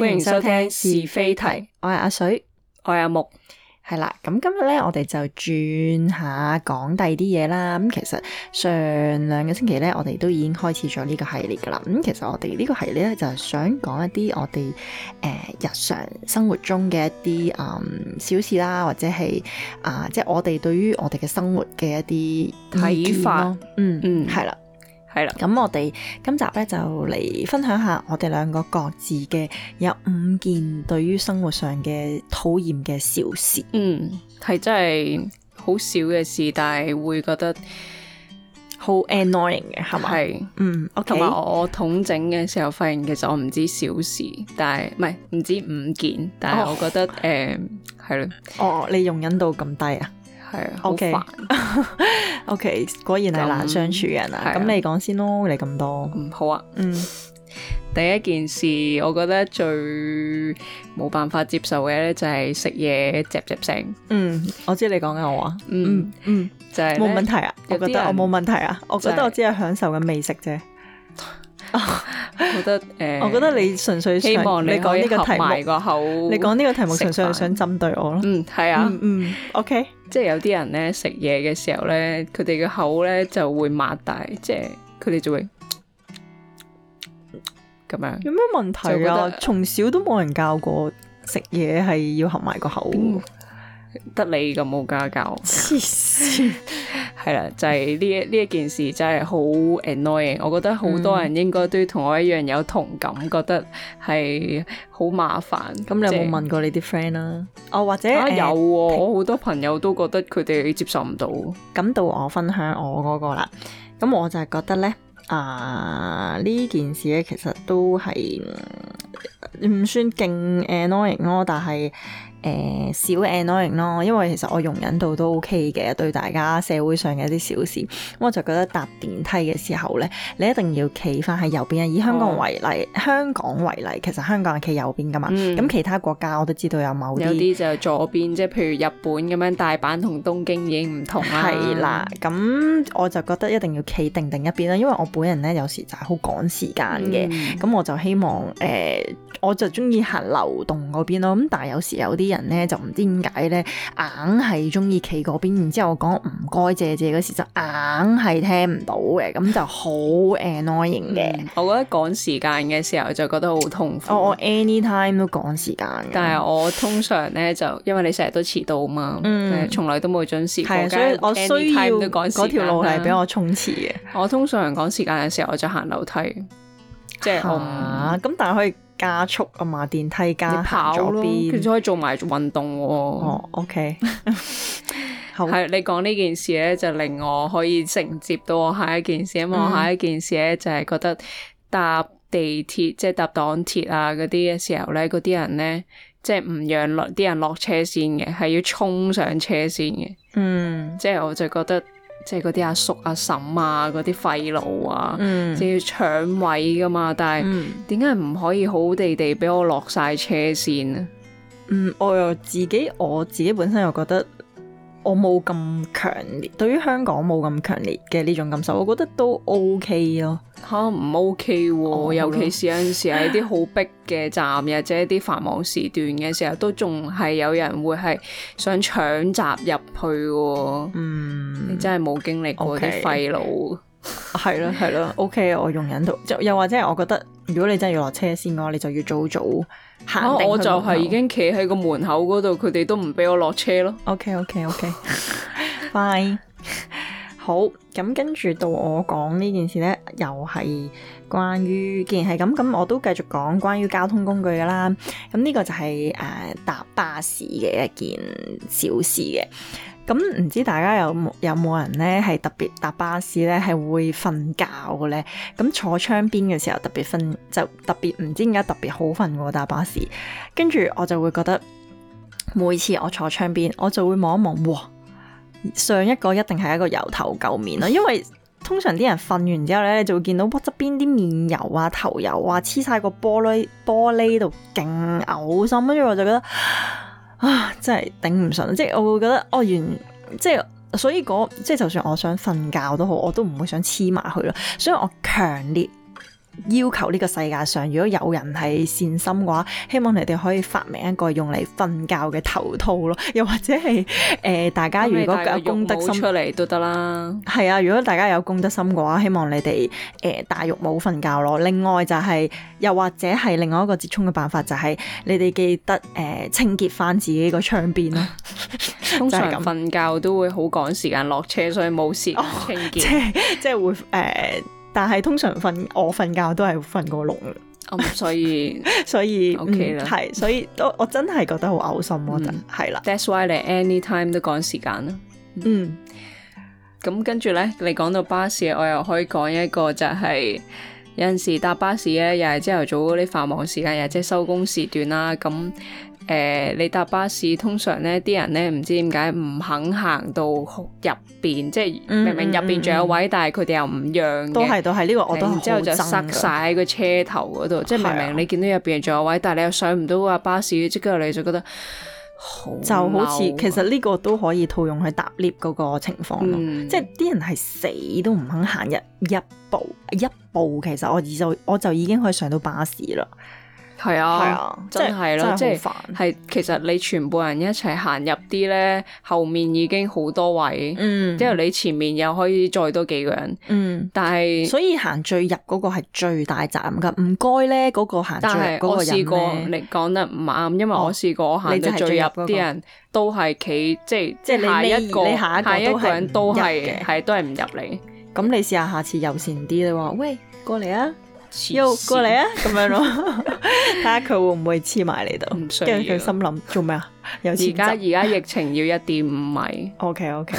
歡迎收聽是非題，我係阿水，我係阿木，係啦。咁今日咧，我哋就轉下講第二啲嘢啦。咁其實上兩個星期咧，我哋都已經開始咗呢個系列噶啦。咁其實我哋呢個系列咧，就係想講一啲我哋誒日常生活中嘅一啲嗯小事啦，或者係啊，即、呃、係、即係我哋對於我哋嘅生活嘅一啲睇法，嗯嗯，係啦、嗯。係啦，咁我哋今集咧就嚟分享下我哋兩個各自嘅有五件對於生活上嘅討厭嘅小事。嗯，係真係好少嘅事，但係會覺得好 annoying 嘅，係咪是？係，嗯，我同埋我統整嘅時候發現，其實我唔知小事，但係唔係唔知五件，但係我覺得誒，係咯，哦，嗯，哦，你容忍度咁低啊？係啊，O K，果然係難相處嘅人啊。咁你講先咯，你咁多。嗯，好啊。嗯，第一件事，我覺得最冇辦法接受嘅咧，就係食嘢嚼嚼聲。嗯，我知你講緊我啊。嗯嗯，就係冇問題啊。我覺得我冇問題啊。我覺得我只係享受緊美食啫。我覺得誒，我覺得你純粹希望你講呢個題目，你講呢個題目純粹係想針對我咯。嗯，係啊。嗯，O K。即係有啲人咧食嘢嘅時候咧，佢哋嘅口咧就會擘大，即係佢哋就會咁樣。有咩問題啊？從小都冇人教過食嘢係要合埋個口。嗯得你咁冇家教，黐線，係啦， 就係呢呢一件事真係好 annoying，我覺得好多人應該都同我一樣有同感，嗯、覺得係好麻煩。咁你有冇問過你啲 friend 啦？就是、哦，或者、啊、有、哦，我好、呃、多朋友都覺得佢哋接受唔到。咁到我分享我嗰個啦，咁我就係覺得咧，啊、呃、呢件事咧其實都係唔算勁 annoying 咯，但係。誒少 annoying 咯，因為其實我容忍度都 OK 嘅，對大家社會上嘅一啲小事，咁我就覺得搭電梯嘅時候咧，你一定要企翻喺右邊啊！以香港為例，哦、香港為例，其實香港係企右邊噶嘛，咁、嗯、其他國家我都知道有某啲，有啲就係左邊，即係譬如日本咁樣，大阪同東京已經唔同啦。係啦，咁我就覺得一定要企定定一邊啦，因為我本人咧有時就係好趕時間嘅，咁、嗯、我就希望誒、呃，我就中意行流動嗰邊咯，咁但係有時有啲人咧就唔知點解咧，硬係中意企嗰邊，然之後我講唔該借借嗰時就硬係聽唔到嘅，咁就好 annoying 嘅。我覺得趕時間嘅時候就覺得好痛苦。哦、我 anytime 都趕時間，但係我通常咧就因為你成日都遲到嘛，嗯，從嚟都冇準時，嗯、然所以我需要嗰條路係俾我衝刺嘅。我通常趕時間嘅時候，我就行樓梯，即係我咁，但係、嗯。 加速啊嘛，電梯加跑咯，佢仲可以做埋運動喎。哦、oh，OK，係 好你講呢件事咧，就令我可以承接到我下一件事。因咁、嗯、我下一件事咧，就係覺得搭地鐵，即、就、係、是、搭港鐵啊嗰啲嘅時候咧，嗰啲人咧，即係唔讓落啲人落車先嘅，係要衝上車先嘅。嗯，即係我就覺得。即係嗰啲阿叔阿嬸啊，嗰啲廢老啊，仲、嗯、要搶位噶嘛，但係點解唔可以好好地地俾我落晒車先，嗯，我又自己我自己本身又覺得。我冇咁強烈，對於香港冇咁強烈嘅呢種感受，我覺得都 OK 咯、啊。嚇唔、啊、OK 喎、啊？Oh、尤其是有陣時喺啲好逼嘅站，或者啲繁忙時段嘅時候，都仲係有人會係想搶閘入去、啊。嗯，mm. 你真係冇經歷過啲 Okay. 廢佬。係咯，係咯，OK，我容忍到，就又或者係我覺得，如果你真係要落車先嘅話，你就要早早行、啊。我就係已經企喺個門口嗰度，佢哋都唔俾我落車咯。OK，OK，OK，Bye。好，咁跟住到我講呢件事呢，又係關於，既然係咁，咁我都繼續講關於交通工具噶啦。咁呢個就係、是、誒、呃、搭巴士嘅一件小事嘅。咁唔知大家有冇有冇人呢？係特別搭巴士呢，係會瞓覺嘅呢。咁坐窗邊嘅時候特別瞓，就特別唔知點解特別好瞓喎，搭巴士。跟住我就會覺得，每次我坐窗邊，我就會望一望，哇！上一個一定係一個油頭垢面咯，因為通常啲人瞓完之後呢，你就會見到側邊啲面油啊、頭油啊黐晒個玻璃玻璃度，勁嘔心，跟住我就覺得。啊！真係頂唔順，即係我會覺得，哦，原，即係所以嗰、那個、即係，就算我想瞓覺都好，我都唔會想黐埋去咯。所以我強烈。要求呢個世界上，如果有人係善心嘅話，希望你哋可以發明一個用嚟瞓覺嘅頭套咯，又或者係誒、呃、大家如果有公德心出嚟都得啦。係啊，如果大家有公德心嘅話，希望你哋誒、呃、戴浴帽瞓覺咯。另外就係、是、又或者係另外一個折衷嘅辦法，就是，就係你哋記得誒、呃、清潔返自己個窗邊咯。 就通常瞓覺都會好趕時間落車，所以冇時間清潔，oh, 即係會誒。呃但係通常瞓我瞓覺都係瞓過龍，所以 所以 OK 啦、嗯，係所以都我，我真係覺得好嘔心、嗯、我真係，係啦。That's why 你 anytime 都趕時間啦。嗯，咁跟住咧，你講到巴士，我又可以講一個就係、是、有陣時搭巴士咧，又係朝頭早嗰啲繁忙時間，又係即係收工時段啦，咁。誒、呃，你搭巴士通常咧，啲人咧唔知點解唔肯行到入邊，嗯、即係明明入邊仲有位，嗯、但係佢哋又唔讓都係都係呢個我，我都覺得好憎。之後就塞晒喺個車頭嗰度，即係明明你見到入邊仲有位，啊、但係你又上唔到個巴士，即跟住你就覺得就好似其實呢個都可以套用去搭 lift 嗰個情況咯。嗯、即係啲人係死都唔肯行一一步一步，一步其實我就我就,我就已經可以上到巴士啦。係啊，真係咯，煩即係係，其實你全部人一齊行入啲咧，後面已經好多位，嗯，之後你前面又可以再多幾個人，嗯，但係是所以行最入嗰個係最大責任噶，唔該咧嗰個行最入嗰個人，但係我試過你講得唔啱，因為我試過行最入啲人都係企，哦、即係即係下一個，你下，一個都下一個人都係係的都係唔入嚟。咁你試下下次友善啲啦，喂，過嚟啊！又過嚟啊，咁樣咯，睇下佢會唔會黐埋嚟度，跟住佢心諗做咩啊？而家而家疫情要一點五米 是，OK OK，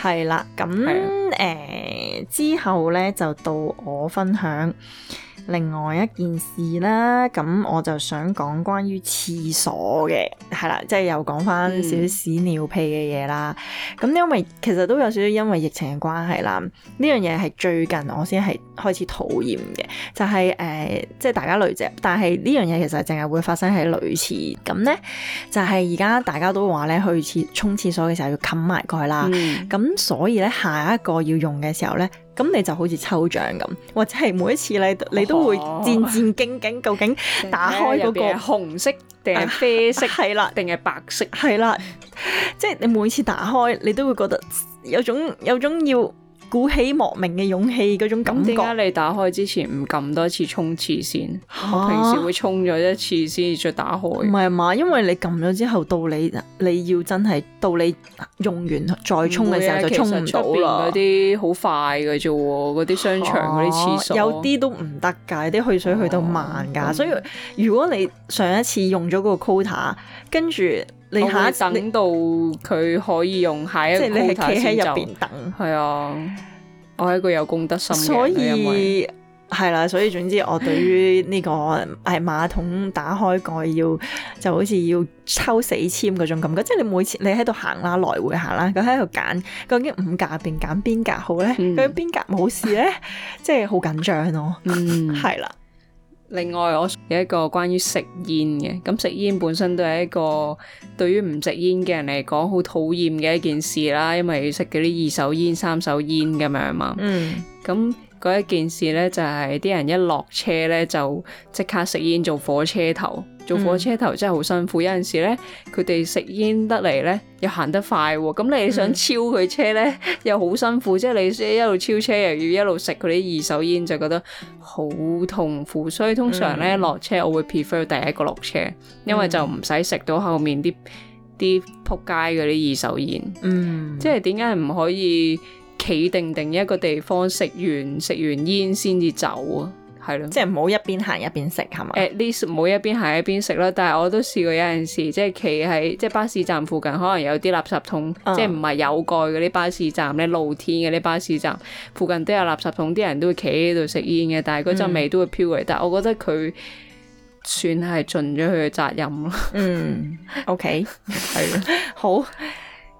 係 啦，咁誒的、呃、之後咧就到我分享。另外一件事啦，咁我就想講關於廁所嘅，係啦，即係又講翻少少屎尿屁嘅嘢啦。咁、嗯、因為其實都有少少因為疫情嘅關係啦，呢樣嘢係最近我先係開始討厭嘅，就係、是、誒、呃，即係大家女仔，但係呢樣嘢其實淨係會發生喺女廁咁呢，就係而家大家都話咧去廁沖廁所嘅時候要冚埋蓋啦。咁、嗯、所以咧下一個要用嘅時候咧。咁你就好似抽獎咁，或者係每一次咧，oh. 你都會戰戰兢兢，究竟打開嗰、嗰個紅色定係啡色係啦，定係、啊、白色係啦，了 即係你每次打開，你都會覺得有種有種要鼓起莫名嘅勇氣嗰種感覺。咁點解你打開之前唔撳多一次沖廁先？啊、我平時會沖咗一次先，再打開。唔係嘛？因為你撳咗之後，到你你要真係到你用完再沖嘅時候、啊、就沖唔到。嗰啲好快嘅啫喎，嗰啲、啊、商場嗰啲廁所。啊、有啲都唔得噶，啲去水去到慢噶，啊、所以如果你上一次用咗嗰個 quota，跟住。我係等到佢可以用下一，即係你係企喺入邊等，係啊就，我係、嗯、一個有公德心嘅人，所以係啦，所以總之我對於呢個係馬桶打開蓋要 就好似要抽死籤嗰種感覺，即係你每次你喺度行啦，來回行啦，佢喺度揀，究竟五格，入邊揀邊格好咧，究竟邊格冇事咧，即係好緊張咯、啊，係啦、嗯。 另外，我有一個關於食煙嘅，咁食煙本身都係一個對於唔食煙嘅人嚟講好討厭嘅一件事啦，因為要食嗰啲二手煙、三手煙咁樣嘛。嗯。咁嗰一件事咧，就係啲人一落車咧，就即刻食煙做火車頭。做火車頭真係好辛苦，嗯、有陣時咧佢哋食煙得嚟咧又行得快喎，咁你想超佢車咧、嗯、又好辛苦，即係你一路超車又要一路食佢啲二手煙就覺得好痛苦，所以通常咧落、嗯、車我會 prefer 第一個落車，因為就唔使食到後面啲啲仆街嗰啲二手煙。嗯，即係點解唔可以企定定一個地方食完食完煙先至走啊？係咯，即係唔好一邊行一邊食，係嘛？誒，at least 唔好一邊行一邊食咯。但係我都試過有陣時，即係企喺即係巴士站附近，可能有啲垃圾桶，嗯、即係唔係有蓋嘅啲巴士站咧，露天嘅啲巴士站附近都有垃圾桶，啲人都會企喺度食煙嘅，但係嗰陣味都會飄嚟。嗯、但係我覺得佢算係盡咗佢嘅責任咯。嗯，OK，係咯，好。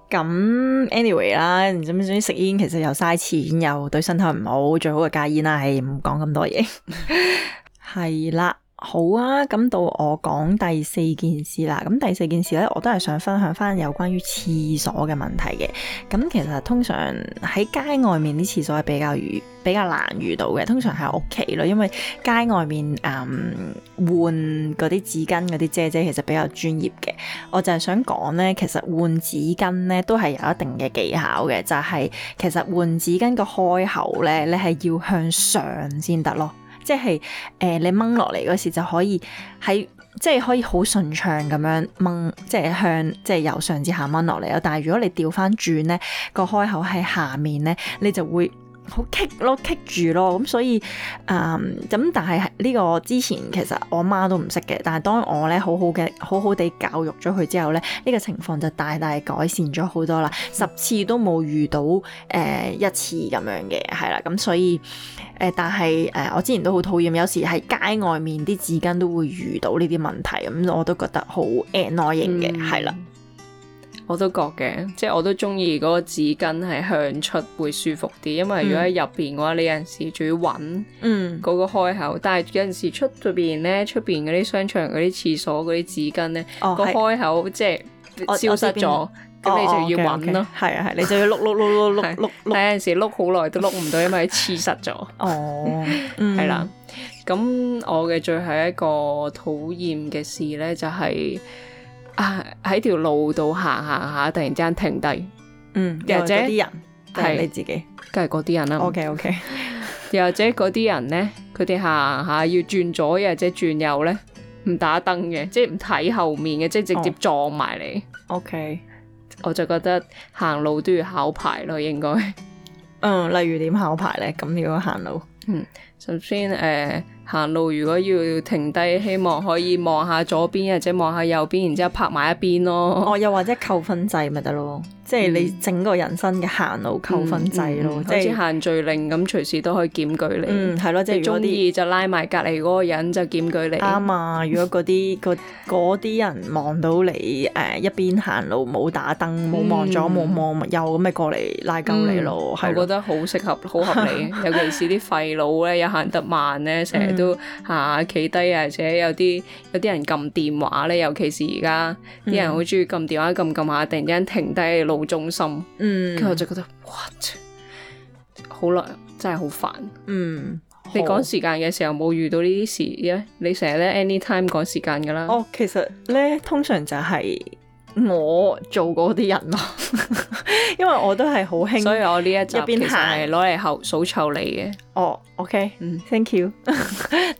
咁 anyway 啦，總之總之食煙其實又嘥錢又對身體唔好，最好就戒煙啦，係，唔講咁多嘢，係 啦。好啊，咁到我講第四件事啦。咁第四件事呢，我都係想分享翻有關於廁所嘅問題嘅。咁其實通常喺街外面啲廁所係比較遇比較難遇到嘅，通常喺屋企咯。因為街外面誒換嗰啲紙巾，嗰啲姐姐其實比較專業嘅。我就係想講呢，其實換紙巾呢都係有一定嘅技巧嘅，就係其實換紙巾個開口呢，你係要向上先得咯。即係誒、呃，你掹落嚟嗰時就可以喺即係可以好順暢咁樣掹，即係向即係由上至下掹落嚟咯。但係如果你調返轉咧，個開口喺下面咧，你就會，好棘咯，棘住咯，咁所以，嗯，咁但係呢個之前其實我媽都唔識嘅，但係當我咧好好嘅，好好地教育咗佢之後咧，呢、這個情況就大大改善咗好多啦，十次都冇遇到誒、呃、一次咁樣嘅，係啦，咁所以，誒、呃，但係誒、呃，我之前都好討厭，有時喺街外面啲紙巾都會遇到呢啲問題，咁我都覺得好 annoying 嘅，係啦、嗯。我，我都覺嘅，即係我都中意嗰個紙巾係向出會舒服啲，因為如果喺入邊嘅話，你有陣時仲要揾嗰個開口。嗯、但係有陣時出出邊咧，出邊嗰啲商場嗰啲廁所嗰啲紙巾呢，哦、個開口即係消失咗，咁、哦、你就要揾咯。係、okay, okay. 啊係，你就要碌碌碌碌碌碌，有陣時碌好耐都碌唔到， 因為你黐實咗。哦，係、嗯、 啦。咁我嘅最後一個討厭嘅事呢，就係、是。啊！喺條路度行行下，突然之間停低，嗯，又或者啲人係是你自己，梗係嗰啲人啦，啊。O K O K，又或者嗰啲人咧，佢哋行行下要轉左，又或者轉右咧，唔打燈嘅，即係唔睇後面嘅，即係直接撞埋你。Oh. OK，Okay. 我就覺得行路都要考牌咯，應該。嗯，例如點考牌咧？咁如果行路，嗯。首先，誒、呃、行路如果要停低，希望可以望下左邊或者望下右邊，然之後拍埋一邊咯。哦，又或者扣分制咪得咯。即係你整個人生嘅行路扣分制咯，即係限聚令咁，隨時都可以檢舉你。嗯，係咯，即係如果啲嘢，就拉埋隔離嗰個人就檢舉你。啱啊！如果嗰啲個嗰啲人望到你誒一邊行路冇打燈，冇望左，冇望右咁咪過嚟拉筋你咯。我覺得好適合，好合理，尤其是啲廢老咧，又行得慢咧，成日都嚇企低啊，而且有啲有啲人撳電話咧，尤其是而家啲人好中意撳電話撳撳下，突然之間停低好中心，嗯，跟住我就覺得 what，好難，真係好煩，嗯。你趕時間嘅時候冇好遇到呢啲事嘅？你成日咧 anytime 趕時間㗎啦。哦，其實咧通常就係我做嗰啲人咯， 因為我都係好興，所以我呢一集其實係攞嚟後數湊你嘅。哦，OK，嗯，Thank you，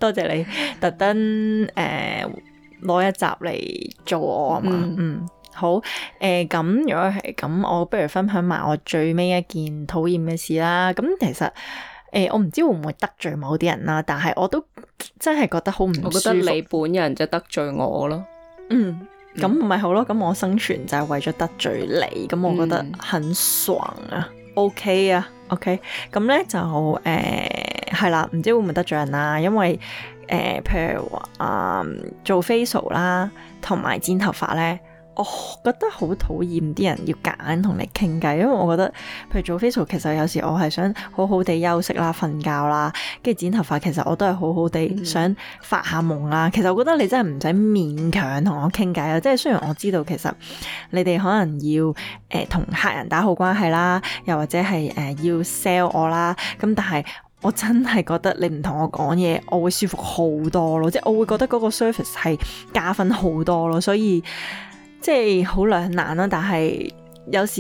多謝你特登誒攞一集嚟做我啊嘛，嗯。嗎好誒，咁、呃、如果係咁，我不如分享埋我最尾一件討厭嘅事啦。咁其實誒、呃，我唔知會唔會得罪某啲人啦，但係我都真係覺得好唔。我覺得你本人就係得罪我咯。嗯，咁唔係好咯。咁我生存就係為咗得罪你，咁我覺得很爽啊。嗯、OK 啊，OK。咁咧就誒係、呃、啦，唔知會唔會得罪人啦、啊？因為誒、呃，譬如話啊、呃，做 facial 啦，同埋剪頭髮咧。我覺得好討厭啲人要夾硬同你傾偈，因為我覺得譬如做 facial，其實有時我係想好好地休息啦、瞓覺啦，跟住剪頭髮，其實我都係好好地想發下夢啦。嗯、其實我覺得你真係唔使勉強同我傾偈咯。即係雖然我知道其實你哋可能要誒同、呃、客人打好關係啦，又或者係誒、呃、要 sell 我啦。咁但係我真係覺得你唔同我講嘢，我會舒服好多咯。即係我會覺得嗰個 service 係加分好多咯，所以。即係好兩難啦，但係有時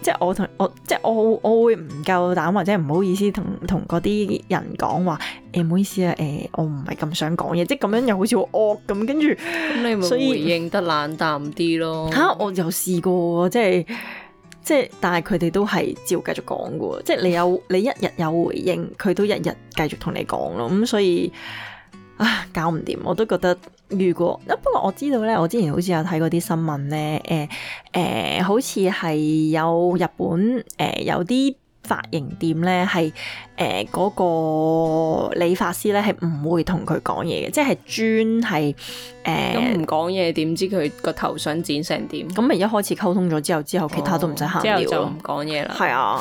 即係我同我即係我我會唔夠膽或者唔好意思同同嗰啲人講話，誒、欸、唔好意思啊，誒、欸、我唔係咁想講嘢，即係咁樣又好似好惡咁，跟住咁你咪回應得冷淡啲咯。吓、啊，我又試過即係即係，但係佢哋都係照繼續講噶，即係你有你一日有回應，佢都日日繼續同你講咯。咁所以。啊，搞唔掂！我都覺得，如果不過我知道咧，我之前好似有睇過啲新聞咧，誒、呃、誒、呃，好似係有日本誒、呃、有啲髮型店咧，係誒嗰個理髮師咧係唔會同佢講嘢嘅，即係專係誒唔講嘢，點、呃、知佢個頭想剪成點？咁咪一開始溝通咗之後，之後其他都唔使考慮了、哦。之後就唔講嘢啦。係啊。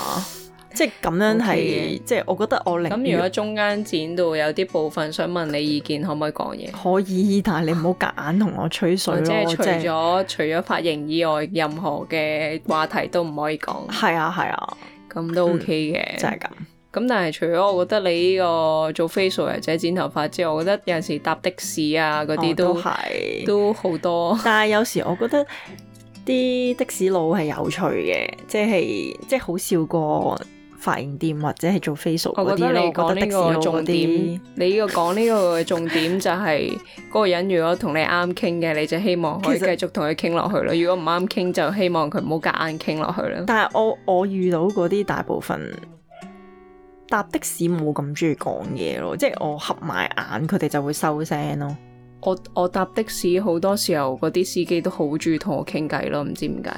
即係咁樣係，Okay. 即係我覺得我寧。咁如果中間剪到有啲部分，想問你意見，可唔可以講嘢？可以，但係你唔好夾硬同我吹水 即係除咗即除咗髮型以外，任何嘅話題都唔可以講。係啊，係啊，咁都 OK 嘅、嗯。就係、是、咁。咁但係除咗我覺得你呢個做 facial 或者剪頭髮之外，我覺得有陣時搭的士啊嗰啲都、哦、都好多。但係有時我覺得啲的士佬係有趣嘅，即係即係好笑過。髮型店或者係做 facial 嗰啲咯，我覺得你講呢個重點，些你呢個講呢個重點就係、是、嗰 個人如果同你啱傾嘅，你就希望可以繼續同佢傾落去咯。實如果唔啱傾，就希望佢唔好夾硬傾落去啦。但係我我遇到嗰啲大部分搭的士冇咁中意講嘢咯，即係我合埋眼，佢哋就會收聲咯。我我搭的士好多時候，嗰啲司機都好中意同我傾偈咯，唔知點解。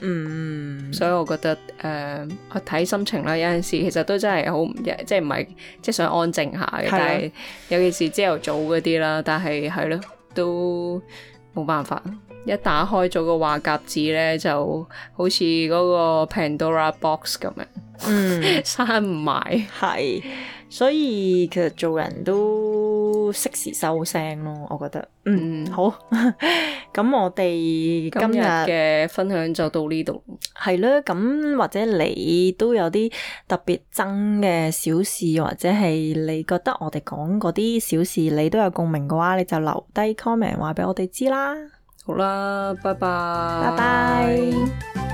嗯，所以我覺得誒我睇、呃、心情啦，有陣時其實都真係好唔即係唔係即係想安靜下嘅，啊、但係尤其是朝頭早啲啦，但係係咯都冇辦法，一打開咗個話匣子咧，就好似個 Pandora Box 咁樣，嗯，閂唔埋係，所以其實做人都都適時收聲咯，我覺得。嗯，嗯好。咁 我哋今日嘅分享就到呢度。係咧，咁或者你都有啲特別憎嘅小事，或者係你覺得我哋講嗰啲小事，你都有共鳴嘅話，你就留低 comment 話俾我哋知啦。好啦，拜拜，拜拜。